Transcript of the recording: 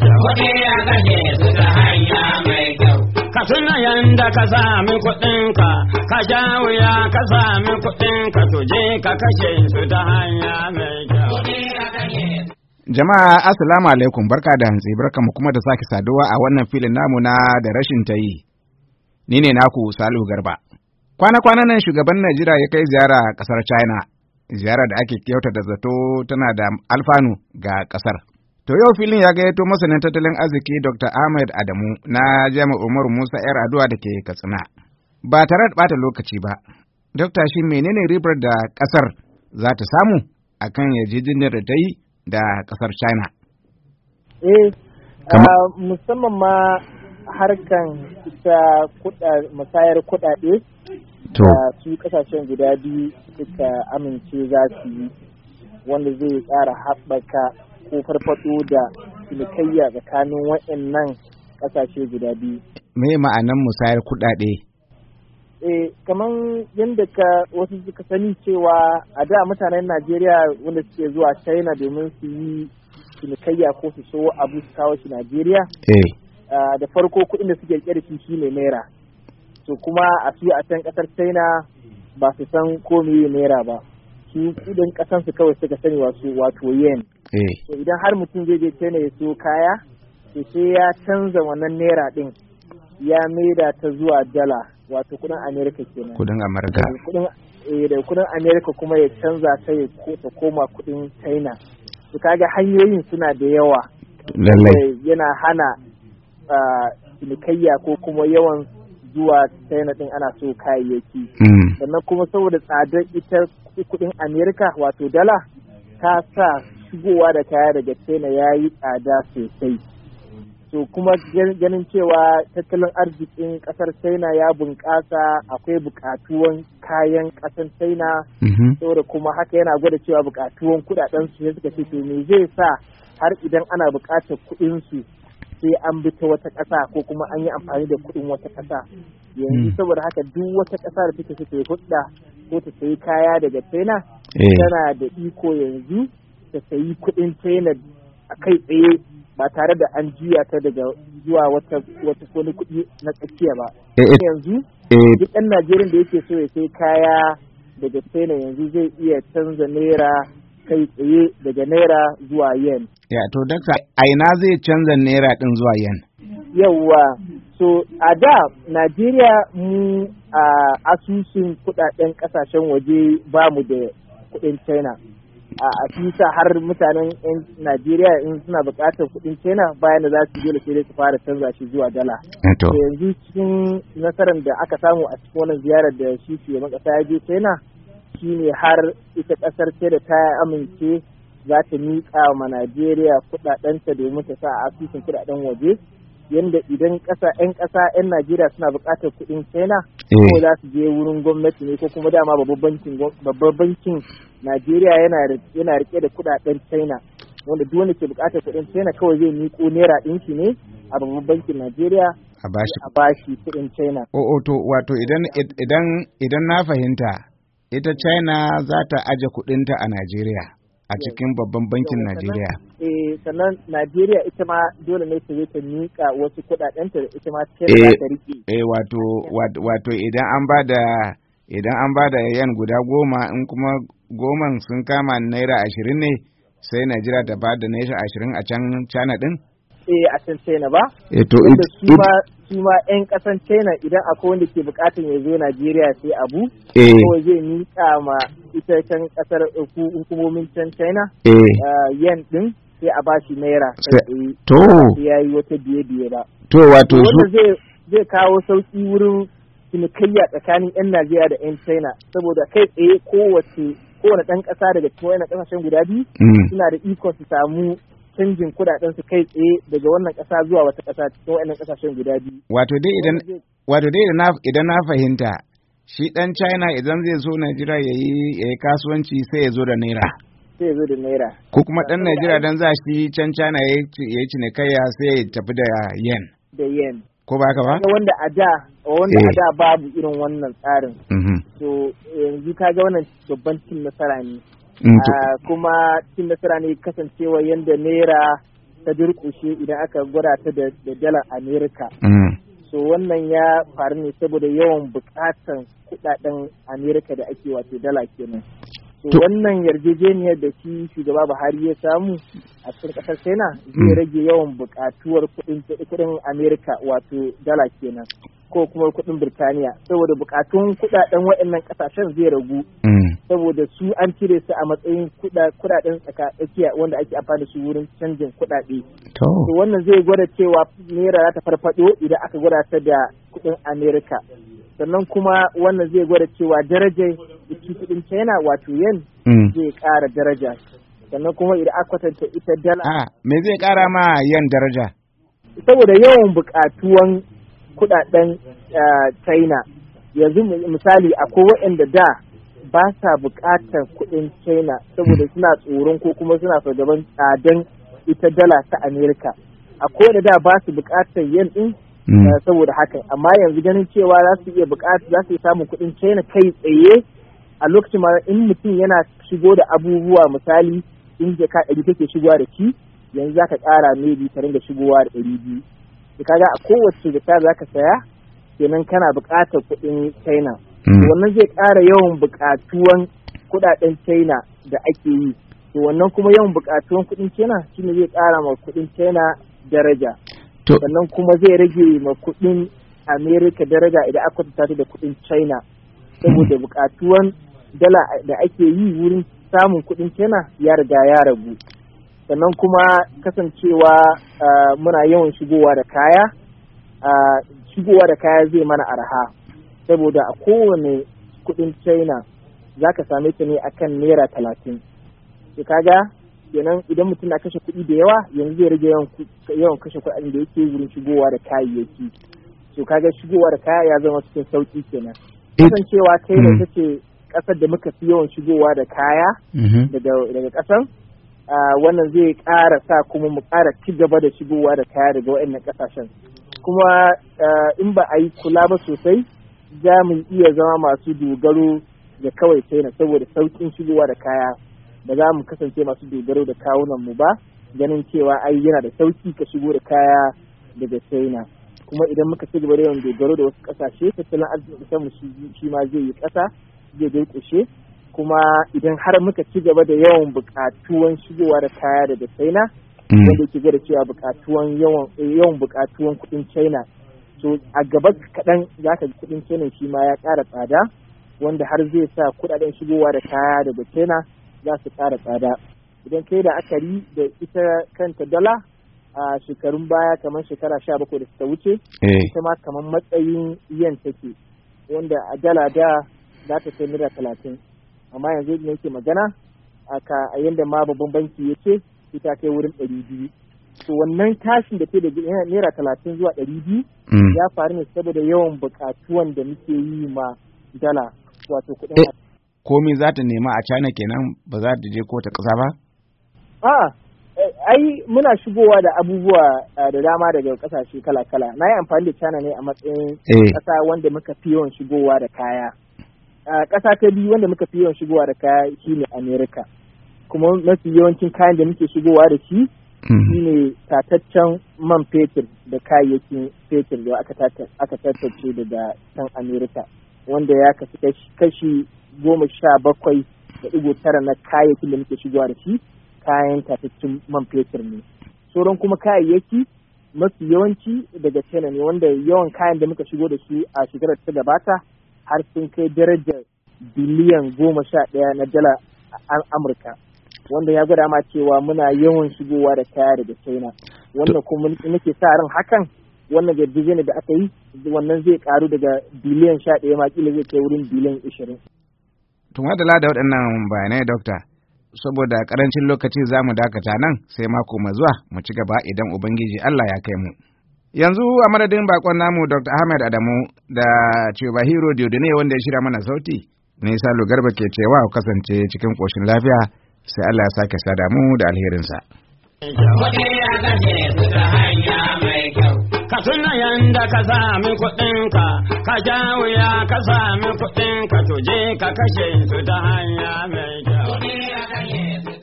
Kuɗi Ka yanda ka sami kuɗinka, ka wuya ka kuɗinka, to je ka kashe su ta hanya mai Jama'a Assalamu alaikum barka da hantsi barka mu kuma da sake saduwa a wannan filin namu na da rashin ta yi. Ni ne naku Salu Garba. kwana kwana nan shugaban Najeriya ya kai ziyara kasar China, ziyara da ake kyauta da zato tana da alfanu ga kasar. To yau filin ya gayyato masanin tattalin arziki Dr. Ahmed Adamu na Jami'ar Umaru Musa 'yar Adua da ke Katsina. Ba tare da bata lokaci ba, Dokta shi menene ribar da ƙasar za ta samu a kan yajijinin da ta yi da ƙasar China? Eh, ah, musamman ma harkan ta musayar kuɗaɗe da su ƙasashen guda biyu suka amince za su yi wanda zai ƙara haɓaka ko farfaɗo da cinikayya tsakanin waɗannan ƙasashe guda biyu. Me ma'anan musayar kuɗaɗe? Eh, kamar yadda ka wasu suka sani cewa a da mutanen Najeriya wanda suke zuwa China domin su yi cinikayya ko su so abu su kawo shi Najeriya. Eh. da farko kuɗin da suke rike da shi shine naira. To kuma a su a can ƙasar China ba su san ko meye naira ba. Su kuɗin ƙasansu kawai suka sani wasu wato yen. Eh. to idan har mutum zai je tana ya so kaya to sai ya canza wannan naira din ya maida ta zuwa dala wato kudin America kenan kudin America eh, eh, da kudin America kuma ya canza ta ya koma kudin China to kaga hanyoyin suna da yawa lallai yana hana ah, cinikayya ko kuma yawan zuwa china din ana so kayayyaki mm. sannan kuma saboda tsadar ita kudin amerika wato dala ta sa shigowa da kaya daga china ya yi tsada sosai to kuma ganin cewa tattalin arzikin kasar china ya bunƙasa akwai buƙatuwan kayan ƙasar china mm-hmm. saboda kuma haka yana gwada cewa buƙatuwan kudaden su suka ce to me zai sa har idan ana buƙatar kuɗin su sai an bi ta wata ƙasa ko kuma an yi amfani da kuɗin wata ƙasa yanzu mm. saboda haka duk wata ƙasa da take suke hudda ko ta sayi kaya daga china eh. tana da iko yanzu ta sayi kuɗin cina a kai tsaye ba tare da an juya ta daga zuwa wata wata wani kuɗi na tsakiya ba eh, eh. yanzu eh. duk ɗan najeriya da yake so ya sai kaya daga cina yanzu zai iya canza naira kai tsaye daga naira zuwa yen ya to daga aina zai canza naira din zuwa yen yawwa so a da najeriya mu a asusun kudaden kasashen waje ba mu da kudin china a fisa har mutanen yan Najeriya in suna buƙatar kuɗin China bayan da za su dole sai su fara canza shi zuwa dala. Eh, to yanzu cikin nasarar da aka samu a cikin wannan ziyarar da shi ke ƙasa ya je China shine har ita ƙasar ce da ta amince za ta miƙa ma Najeriya kuɗaɗenta domin ta sa a asusun kuɗaɗen waje yanda idan ƙasa 'yan ƙasa 'yan Najeriya suna buƙatar kuɗin China ko eh. za su je wurin gwamnati ne ko kuma dama babban bankin Najeriya yana rike da kuɗaɗen China wanda duk ke buƙatar kuɗin China kawai zai miƙo naira ɗinki ne a babban bankin Najeriya a bashi kuɗin China. to wato idan na fahimta ita China za ta aje kuɗinta a Najeriya. a cikin babban bankin Najeriya. Eh sannan Najeriya ita ma dole ne ta ta nika wasu kuɗaɗenta da ita ma ta rike. Eh, eh wato wato idan an ba da idan an ba da yan guda goma in kuma goman sun kama naira ashirin ne sai Najeriya ta ba da naira ashirin a can China ɗin. tsaye a can China ba. Eto eh, su ma 'yan kasan China idan akwai wanda ke bukatan ya zo Najeriya sai abu. Eh. Ko zai miƙa ma ita can kasar eh, hukumomin can China. Yan din sai a bashi naira. To. Ya yi wata biye-biye ba. To wato su. zai kawo sauki wurin cinikayya tsakanin 'yan Najeriya da 'yan China saboda kai tsaye kowace kowane ɗan ƙasa daga cikin ƙasashen guda biyu mm. suna da ikon su samu canjin kudaden su kai tsaye daga wannan ƙasa zuwa wata ƙasa cikin wannan ƙasashen guda biyu. Wato dai idan wato dai idan na fahimta shi dan China idan zai zo Najeriya ya yi kasuwanci sai ya zo da naira. Sai ya zo da naira. Ko kuma dan Najeriya dan za shi can China ya yi cinikayya sai ya tafi da yen. Da yen. Ko ba haka ba? Wanda a da wanda a eh. da babu irin wannan tsarin. Mhm. To yanzu ka ga wannan babban cin nasara ne. Mm, ah, kuma cin nasara ne kasancewa yadda naira ta durƙushe idan aka gwada ta da dalar amerika mm. so wannan ya faru ne saboda yawan bukatan kudaden amerika da ake wato dala kenan so wannan yarjejeniyar da shi shugaba buhari ya samu a cikin kasar china zai mm. rage yawan bukatuwar kudin amerika wato dala kenan ko kuma kudin birtaniya saboda bukatun kudaden waɗannan kasashen zai ragu saboda su an cire su a matsayin kudaden tsakiya wanda ake amfani su wurin canjin kudade. To wannan zai gwada cewa naira za ta farfado idan aka gwada ta da kudin Amerika. Sannan kuma wannan zai gwada cewa darajar iki kudin China wato yen hmm. zai kara daraja. Sannan kuma idan aka kwatanta ita dala. Ah, me zai kara ma yen daraja? Saboda yawan bukatuwan kudaden eh, China yanzu misali akwai waɗanda da ba sa bukatar kuɗin china saboda suna tsoron ko kuma suna fargaban tsadan ita dala ta amerika a kowane da ba su buƙatar yen din mm. eh, saboda haka amma yanzu ganin cewa za su iya buƙatar za su iya samun kuɗin china kai tsaye a lokacin ma in mutum yana shigo da abubuwa misali in ka ɗari take shigowa da shi yanzu za ka ƙara maybe ta ringa shigowa da ɗari biyu kaga a kowace jaka za ka saya kenan kana bukatar kuɗin china Mm. wannan zai ƙara yawan buƙatuwan kuɗaɗen china da ake yi to wannan kuma yawan buƙatuwan kuɗin china shine zai ƙara ma kuɗin china daraja sannan kuma zai rage ma kuɗin america daraja idan aka kwatanta da kuɗin china saboda buƙatuwan dala da ake yi wurin samun kuɗin china ya riga ya ragu sannan kuma kasancewa ah, muna yawan shigowa da kaya ah, shigowa da kaya zai mana arha saboda a kowane kudin china za ka same ta ne akan naira talatin to kaga kenan idan mutum na kashe kuɗi da yawa yanzu zai rage yawan kashe kuɗin da yake wurin shigowa da kayayyaki to kaga shigowa da kaya ya zama cikin sauki kenan eh. kasancewa kai da hmm. take kasar da muka fi yawan shigowa da kaya mm-hmm. daga kasan wannan zai ƙara sa kuma mu ƙara ci gaba da shigowa da kaya daga waɗannan ƙasashen kuma in ba a yi kula ba sosai za mu iya zama masu dogaro da kawai china saboda saukin shigowa da kaya ba za mu kasance masu dogaro da kawunan mu ba ganin cewa ai yana da sauki ka shigo da kaya daga china kuma idan muka ci gaba da yawan dogaro da wasu kasashe tattalin arzikin kasar mu shi ma zai yi kasa zai durƙushe kuma idan har muka ci gaba da yawan buƙatuwan shigowa da kaya daga china mm. wanda ke da cewa buƙatuwan yawan buƙatuwan kuɗin china so a gaba kaɗan za ka ji kuɗin kenan shi ma ya ƙara tsada wanda har zai sa kuɗaɗen shigowa da kaya daga china za su ƙara tsada idan kai da akari da ita kanta dala a shekarun baya kamar shekara sha bakwai da suka wuce eh. ita ma kamar matsayin yan take wanda a dala da za ta kai naira talatin amma yanzu yake magana a yadda ma babban banki ya ce ita kai wurin ɗari biyu wannan tashin da ke da naira talatin zuwa ɗari biyu mm. ya faru ne saboda yawan buƙatuwan da muke yi ma dala wato kuɗin eh, komi za ta nema a China kenan ba za ta je ko ta ƙasa ba? A eh, ai muna shigowa da abubuwa eh, da dama daga ƙasashe kala-kala. Na yi amfani da China ne a matsayin ƙasa wanda muka fi yawan shigowa da kaya. Ƙasa ta biyu wanda muka fi yawan shigowa da kaya shine Amerika. Kuma mafi yawancin kayan da muke shigowa da shi Mm. shine tataccen man fetur da kayayyakin fetur da aka tattace daga can amerika wanda ya kasu kashi goma sha bakwai da ɗigo tara na kayayyakin da muke shigowa da shi kayan tataccen man fetur ne sauran kuma kayayyaki mafi yawanci daga china ne wanda yawan kayan da muka shigo da su a shekarar ta gabata har sun kai darajar biliyan goma sha ɗaya na dala amurka wanda ya gwada ma cewa muna yawan shigowa da kaya daga china wanda kuma nake sa ran hakan wannan yarjejeniyar da aka yi wannan zai karu daga biliyan sha ɗaya ma kila zai kai wurin biliyan ishirin. tun adala da waɗannan bayanai dokta saboda karancin lokaci za mu dakata nan sai mako mai zuwa mu ci gaba idan ubangiji allah ya kai mu. yanzu a madadin bakon namu dr ahmed adamu da cibahiro diodine wanda ya shirya mana sauti nisa lugarba ke cewa kasance cikin koshin lafiya sai Allah ya sake sada mu da alherinsa. Kuɗi Ka tuna yanda ka sami kuɗinka, ka ja wuya ka sami kuɗinka, to je ka kashe su ta hanya mai kyau.